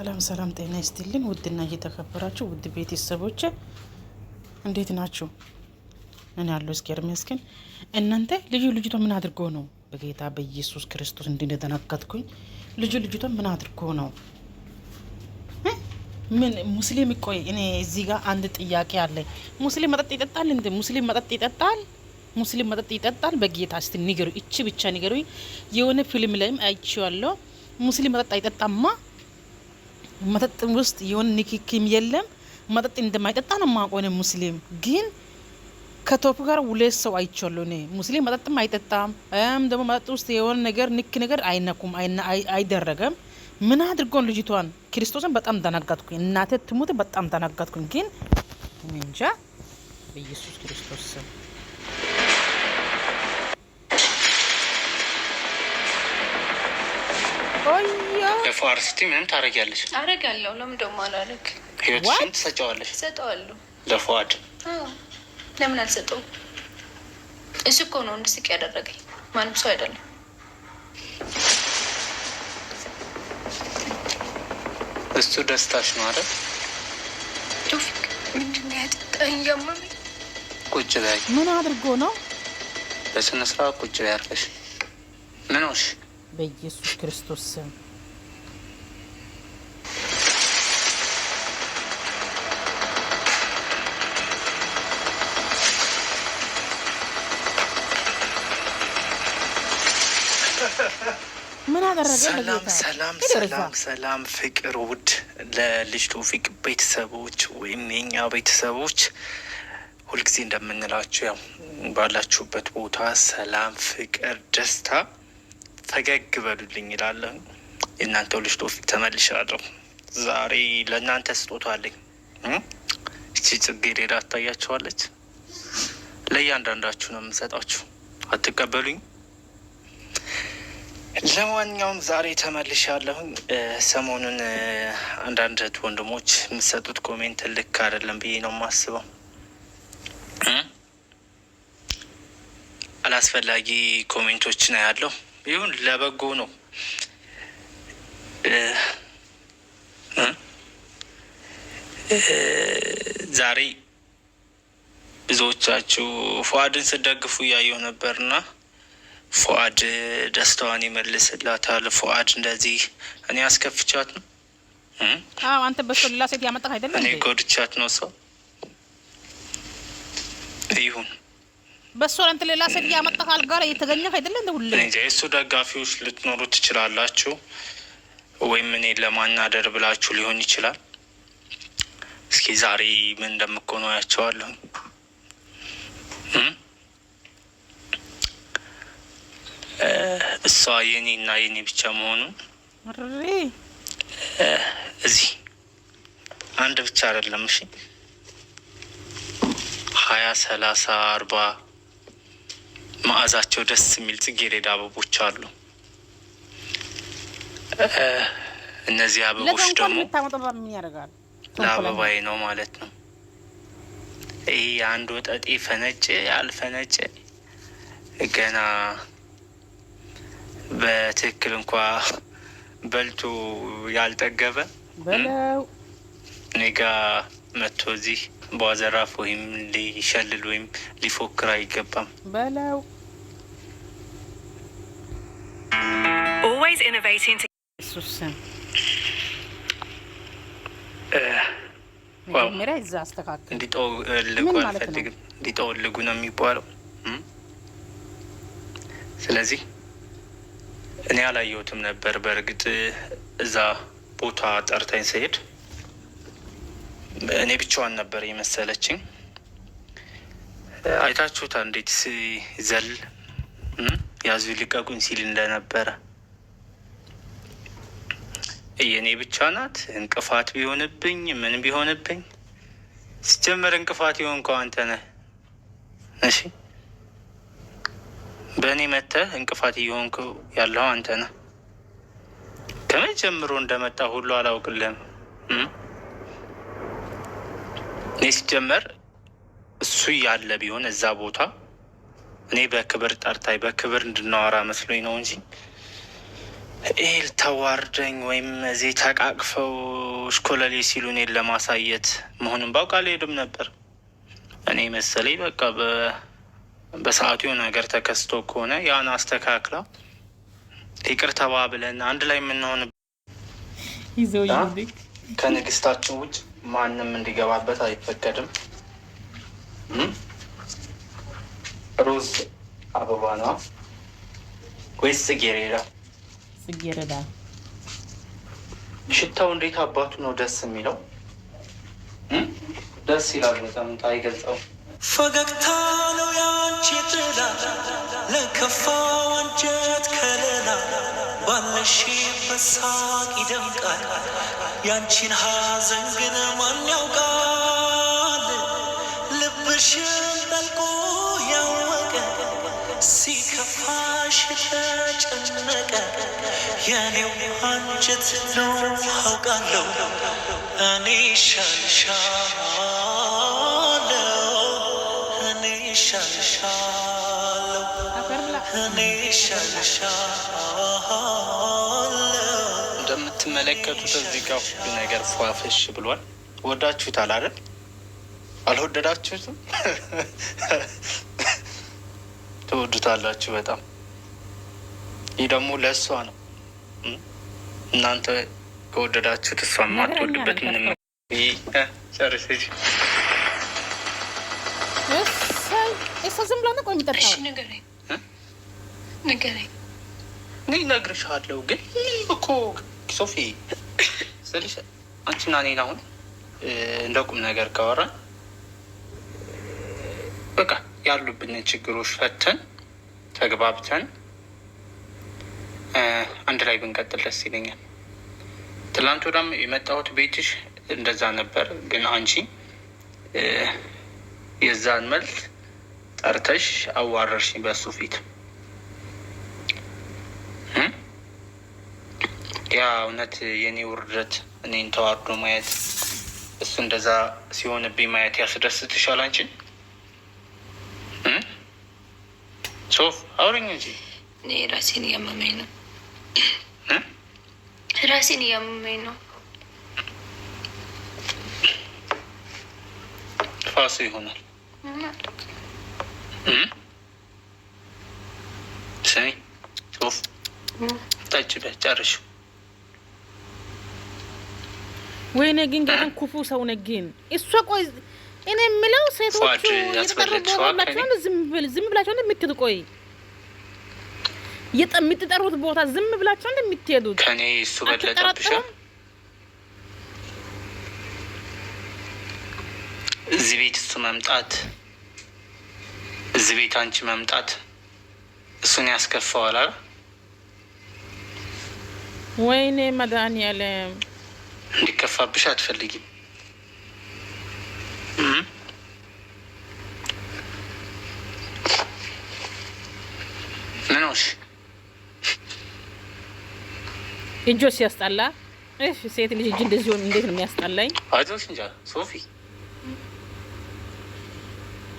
ሰላም ሰላም፣ ጤና ይስጥልኝ ውድና እየተከበራችሁ ውድ ቤተሰቦች እንዴት ናችሁ? እኔ ያለው እስኪ ግን እናንተ ልዩ ልጅቷ ምን አድርጎ ነው በጌታ በኢየሱስ ክርስቶስ እንደተናገጥኩኝ ልጁ ልጅቷ ምን አድርጎ ነው? ምን ሙስሊም ቆይ፣ እኔ እዚህ ጋር አንድ ጥያቄ አለ። ሙስሊም መጠጥ ይጠጣል እንዴ? ሙስሊም መጠጥ ይጠጣል? ሙስሊም መጠጥ ይጠጣል? በጌታ እስቲ ንገሩ። እቺ ብቻ ንገሩኝ። የሆነ ፊልም ላይም አይቼዋለሁ። ሙስሊም መጠጥ አይጠጣማ መጠጥ ውስጥ የሆን ንክኪም የለም። መጠጥ እንደማይጠጣ ነው ማቆ እኔ ሙስሊም ግን ከቶፕ ጋር ሁለት ሰው አይቻለሁ። እኔ ሙስሊም መጠጥም አይጠጣም ደግሞ መጠጥ ውስጥ የሆነ ነገር ንክ ነገር አይነኩም አይደረገም። ምን አድርጎን ልጅቷን ክርስቶስን በጣም ተናጋትኩኝ። እናቴ ትሙት በጣም ተናጋትኩኝ። ግን እንጃ በኢየሱስ ክርስቶስ ስም ለፎርስቲ ምንም ታደርጊያለሽ? አደርጋለሁ። ለምን ደግሞ አላደርግ? ህይወትሽን ትሰጫዋለሽ? እሰጠዋለሁ። ለፈዋድ ለምን አልሰጠውም? እሱ እኮ ነው እንድስቅ ያደረገኝ፣ ማንም ሰው አይደለም። እሱ ደስታሽ ነው አይደል? ቱፊቅ ምንድን ነው ያጠጣኝ? እያመመኝ ቁጭ በይ። ምን አድርጎ ነው? በስነ ስርዓት ቁጭ በይ። አርፈሽ ምን ሆንሽ? በኢየሱስ ክርስቶስ ስም ሰላም ሰላም ሰላም ሰላም ፍቅር ውድ ለልጅ ቶፊቅ ቤተሰቦች ወይም የኛ ቤተሰቦች ሁልጊዜ እንደምንላቸው ያው ባላችሁበት ቦታ ሰላም፣ ፍቅር፣ ደስታ ፈገግ በሉልኝ ይላለሁ። የእናንተው ልጅ ቶፊቅ ተመልሻለሁ። ዛሬ ለእናንተ ስጦታ አለኝ። እቺ ጽጌረዳ ታያቸዋለች። ለእያንዳንዳችሁ ነው የምሰጣችሁ። አትቀበሉኝ? ለማንኛውም ዛሬ ያለሁ ሰሞኑን አንዳንድ እህት ወንድሞች የምሰጡት ኮሜንት ልክ አይደለም ብዬ ነው የማስበው። አላስፈላጊ ነው ያለው። ይሁን ለበጎ ነው። ዛሬ ብዙዎቻችሁ ፉአድን ስደግፉ እያየው ነበርና ፉአድ ደስታዋን ይመልስላታል። ፉአድ እንደዚህ እኔ አስከፍቻት ነው። አንተ በሶላ ሴት ያመጣህ አይደለም። እኔ ጎድቻት ነው ሰው ይሁን በእሱ አንተ ሌላ ሴት እያመጣህ አልጋ ላይ እየተገኘህ አይደለ? እንደ ሁሌ እንጂ የእሱ ደጋፊዎች ልትኖሩ ትችላላችሁ፣ ወይም እኔ ለማናደር ብላችሁ ሊሆን ይችላል። እስኪ ዛሬ ምን እንደምኮኑ ያቸዋለሁ። እሷ የኔ እና የኔ ብቻ መሆኑ እዚህ አንድ ብቻ አይደለም። እሺ ሀያ ሰላሳ አርባ መዓዛቸው ደስ የሚል ጽጌሬዳ አበቦች አሉ። እነዚህ አበቦች ደግሞ ለአበባዬ ነው ማለት ነው። ይህ አንድ ወጠጤ ፈነጭ ያልፈነጭ ገና በትክክል እንኳ በልቶ ያልጠገበ ኔጋ መጥቶ እዚህ በዘራፍ ወይም ሊሸልል ወይም ሊፎክር አይገባም በለው። እንዲጠወልጉ ነው የሚባለው። ስለዚህ እኔ አላየሁትም ነበር። በእርግጥ እዛ ቦታ ጠርታኝ ስሄድ እኔ ብቻዋን ነበር የመሰለችኝ። አይታችሁታ እንዴት ሲዘል ያዙ ሊቀቁኝ ሲል እንደነበረ የእኔ ብቻ ናት። እንቅፋት ቢሆንብኝ ምን ቢሆንብኝ ሲጀመር እንቅፋት የሆንከው አንተ ነህ። እሺ በእኔ መተህ እንቅፋት እየሆንከው ያለው አንተ ነህ። ከምን ጀምሮ እንደመጣ ሁሉ አላውቅልህም። እኔ ሲጀመር እሱ ያለ ቢሆን እዛ ቦታ እኔ በክብር ጠርታይ በክብር እንድናወራ መስሎኝ ነው እንጂ ይህል ተዋርደኝ ወይም እዚህ ተቃቅፈው ሽኮለሌ ሲሉ እኔን ለማሳየት መሆኑን ባውቅ አልሄድም ነበር። እኔ መሰለኝ በቃ በሰዓቱ የሆነ ነገር ተከስቶ ከሆነ ያን አስተካክላ ይቅር ተባብለን አንድ ላይ የምንሆን ከንግስታችን ውጭ ማንም እንዲገባበት አይፈቀድም። ሮዝ አበባ ነዋ ወይስ ጽጌረዳ? ጽጌረዳ ሽታው እንዴት አባቱ ነው ደስ የሚለው። ደስ ይላል በጣም አይገልጸው። ፈገግታ ነው ያንቺ ጥላ ለከፋ ወንጀት ከለላ ባለሽበት ሳቅ ይደምቃል። ያንቺን ሀዘን ግን ማን ያውቃል ልብሽን ጠልቆ ተጨነቀ የኔው አንጀት ነው አውቃለሁ እኔ ሻልሻለው እኔ ሻልሻለው እኔ ሻልሻለው እንደምትመለከቱት እዚህ ጋር ሁሉ ነገር ፏፈሽ ብሏል። ወዳችሁታል አይደል? አልወደዳችሁትም? ትወዱታላችሁ በጣም ይህ ደግሞ ለእሷ ነው። እናንተ ከወደዳችሁት እሷ ማትወድበት ምንም ዝም ብላ ነው ቆይ የሚጠጣው ንገረኝ። እኔ እነግርሻለሁ ግን እኮ ሶፊ ስልሽ አንቺና እኔን አሁን እንደ ቁም ነገር ካወራን በቃ ያሉብንን ችግሮች ፈተን ተግባብተን አንድ ላይ ብንቀጥል ደስ ይለኛል። ትላንት ወዳም የመጣሁት ቤትሽ እንደዛ ነበር፣ ግን አንቺ የዛን መልስ ጠርተሽ አዋረርሽኝ በሱ ፊት። ያ እውነት የኔ ውርደት እኔን ተዋርዶ ማየት እሱ እንደዛ ሲሆንብኝ ማየት ያስደስትሻል? አንቺን ሶፍ አውሪኝ እንጂ እኔ ራሴን እያመመኝ ነው። ራሴን እያመመኝ ነው። ፋስ ይሆናል። ስሚ ሶፍ ጠጭ ጨርሽ። ወይኔ ግን ጌታን ክፉ ሰው ነህ እሷ ቆይ እኔ የምለው ሴቶቹ ዝም ብላችሁ የምትል ቆይ የምትጠሩት ቦታ ዝም ብላችሁ እንደምትሄዱት ከኔ እሱ በለጠብሻል። እዚህ ቤት እሱ መምጣት፣ እዚህ ቤት አንቺ መምጣት እሱን ያስከፋዋል። አ ወይኔ መድኃኒዓለም እንዲከፋብሽ አትፈልጊም። እጆች ሲያስጠላ ሴት ልጅ እጅ እንደዚህ ሆኖ እንዴት ነው የሚያስጠላኝ? አይዞሽ እንጃ ሶፊ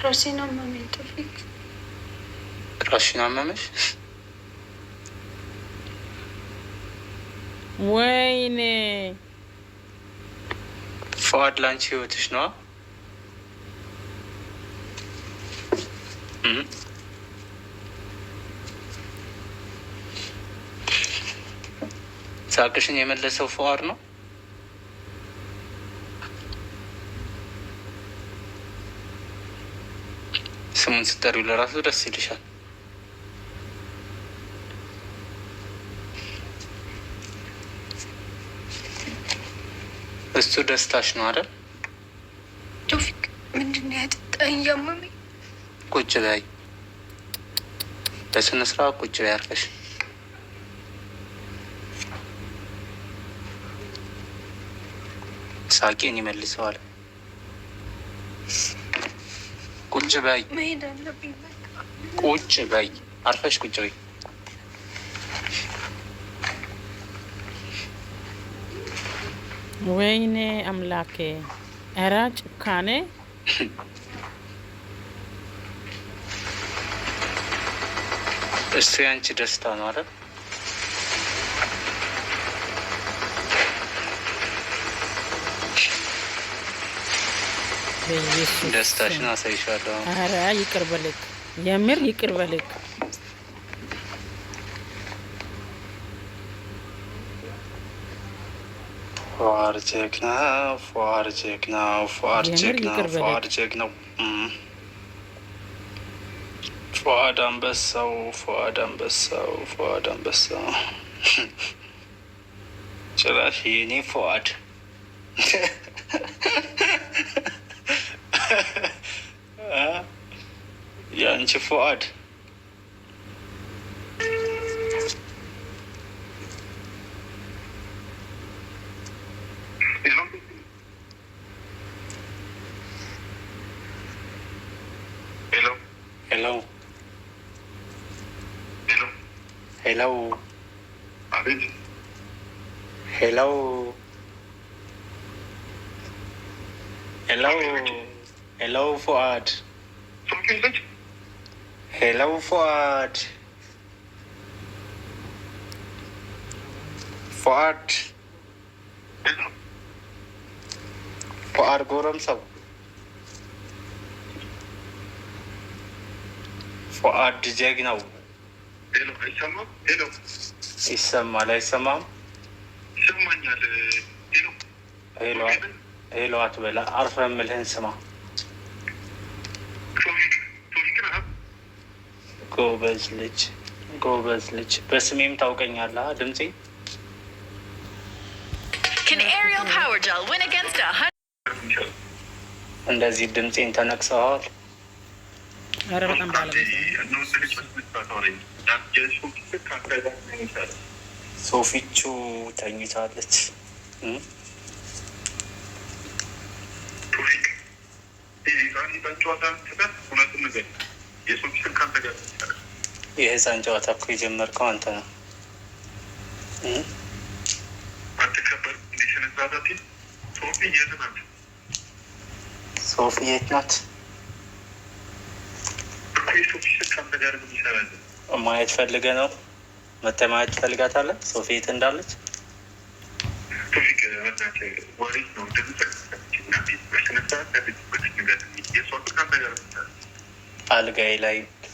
ራሴን አመመኝ። ቶፊክ ራሽን አመመሽ? ወይኔ ፈዋድ ላንቺ ህይወትሽ ነዋ። ሳቅሽን የመለሰው ፈዋር ነው። ስሙን ስጠሪው ለራሱ ደስ ይልሻል። እሱ ደስታሽ ነው አይደል? ቶፊቅ ምንድን ነው ያጠጣኝ? እያመመኝ ቁጭ ላይ በስነ ስርዓት ቁጭ ላይ አርፈሽ ሳቄን ይመልሰዋል። ቁጭ በይ፣ ቁጭ በይ፣ አርፈሽ ቁጭ በይ። ወይኔ አምላኬ! እረ ጭካኔ! እሱ ያንቺ ደስታ ነው አይደል? ደስታሽን አሳይሻለሁ። ኧረ ይቅር በልክ፣ የምር ይቅር በልክ። ፏር ጀግና፣ ፏር ጀግና፣ ፏር ጀግና፣ ፏር ጀግና ፏድ አንበሳው፣ ፏድ አንበሳው፣ ፏድ አንበሳው ጭራሽ የኔ ፏድ የአንቺ ፉአድ uh-huh. ሄሎ ፉአድ፣ ሄሎ ፉአድ፣ ፉአድ፣ ፉአድ ጎረምሳው፣ ፉአድ ጀግናው ይሰማል አይሰማም? ይሰማኛል። ሄሎ አትበላ፣ አርፈህ የምልህን ስማ። ጎበዝ ልጅ ጎበዝ ልጅ። በስሜም ታውቀኛለህ ድምፄ እንደዚህ ድምፄን ተነቅሰዋል። ኧረ በጣም ሶፊቹ ተኝታለች። የህፃን ጨዋታ እኮ የጀመርከው አንተ ነው። ሶፊ የት ናት? ማየት ፈልገ ነው መተህ ማየት ፈልጋታለህ? ሶፊ የት እንዳለች አልጋይ ላይ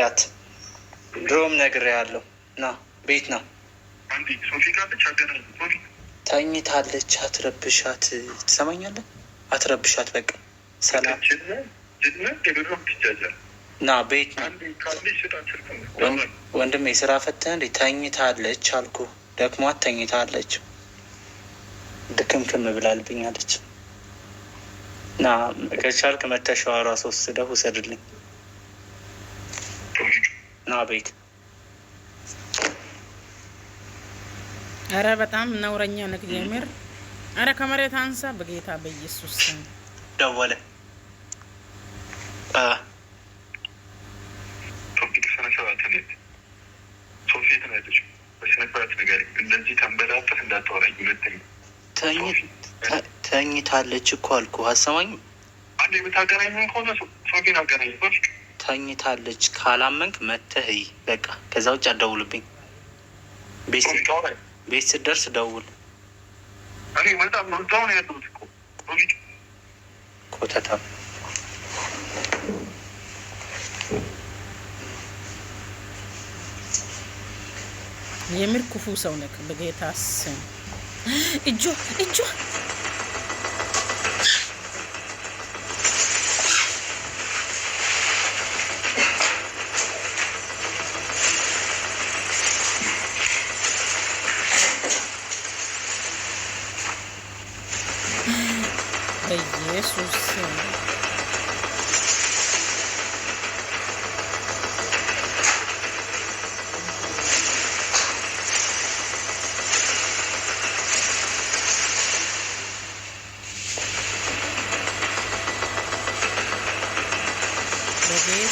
ያት ድሮም ያለው ና ቤት ነው ተኝታለች። አትረብሻት። ትሰማኛለህ? አትረብሻት። በቃ ሰላም ና ቤት ነው ወንድሜ። ስራ ፈተህ እንዴ? ተኝታለች አልኩ። ደክሟት ተኝታለች። ድክምክም ብላልብኛለች። ና ከቻልክ መተሻዋሯ ሶስት ደሁ ውሰድልኝ። ና ቤት አረ በጣም ነውረኛ ነው እግዚአብሔር። አረ ከመሬት አንሳ በጌታ በኢየሱስ ስም ደወለ። ተኝታለች እኮ አልኩ። አሰማኝ አንድ የምታገናኝ ከሆነ ሶፊን አገናኝ ተኝታለች ካላመንክ መተህ በቃ ከዛ ውጭ አደውልብኝ ቤት ስትደርስ ደውል። ኮተታ የምር ክፉ ሰው ነህ በጌታ ስም እጆ እጆ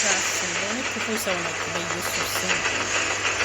Aslında ne Senhor, me perdoe, Senhor.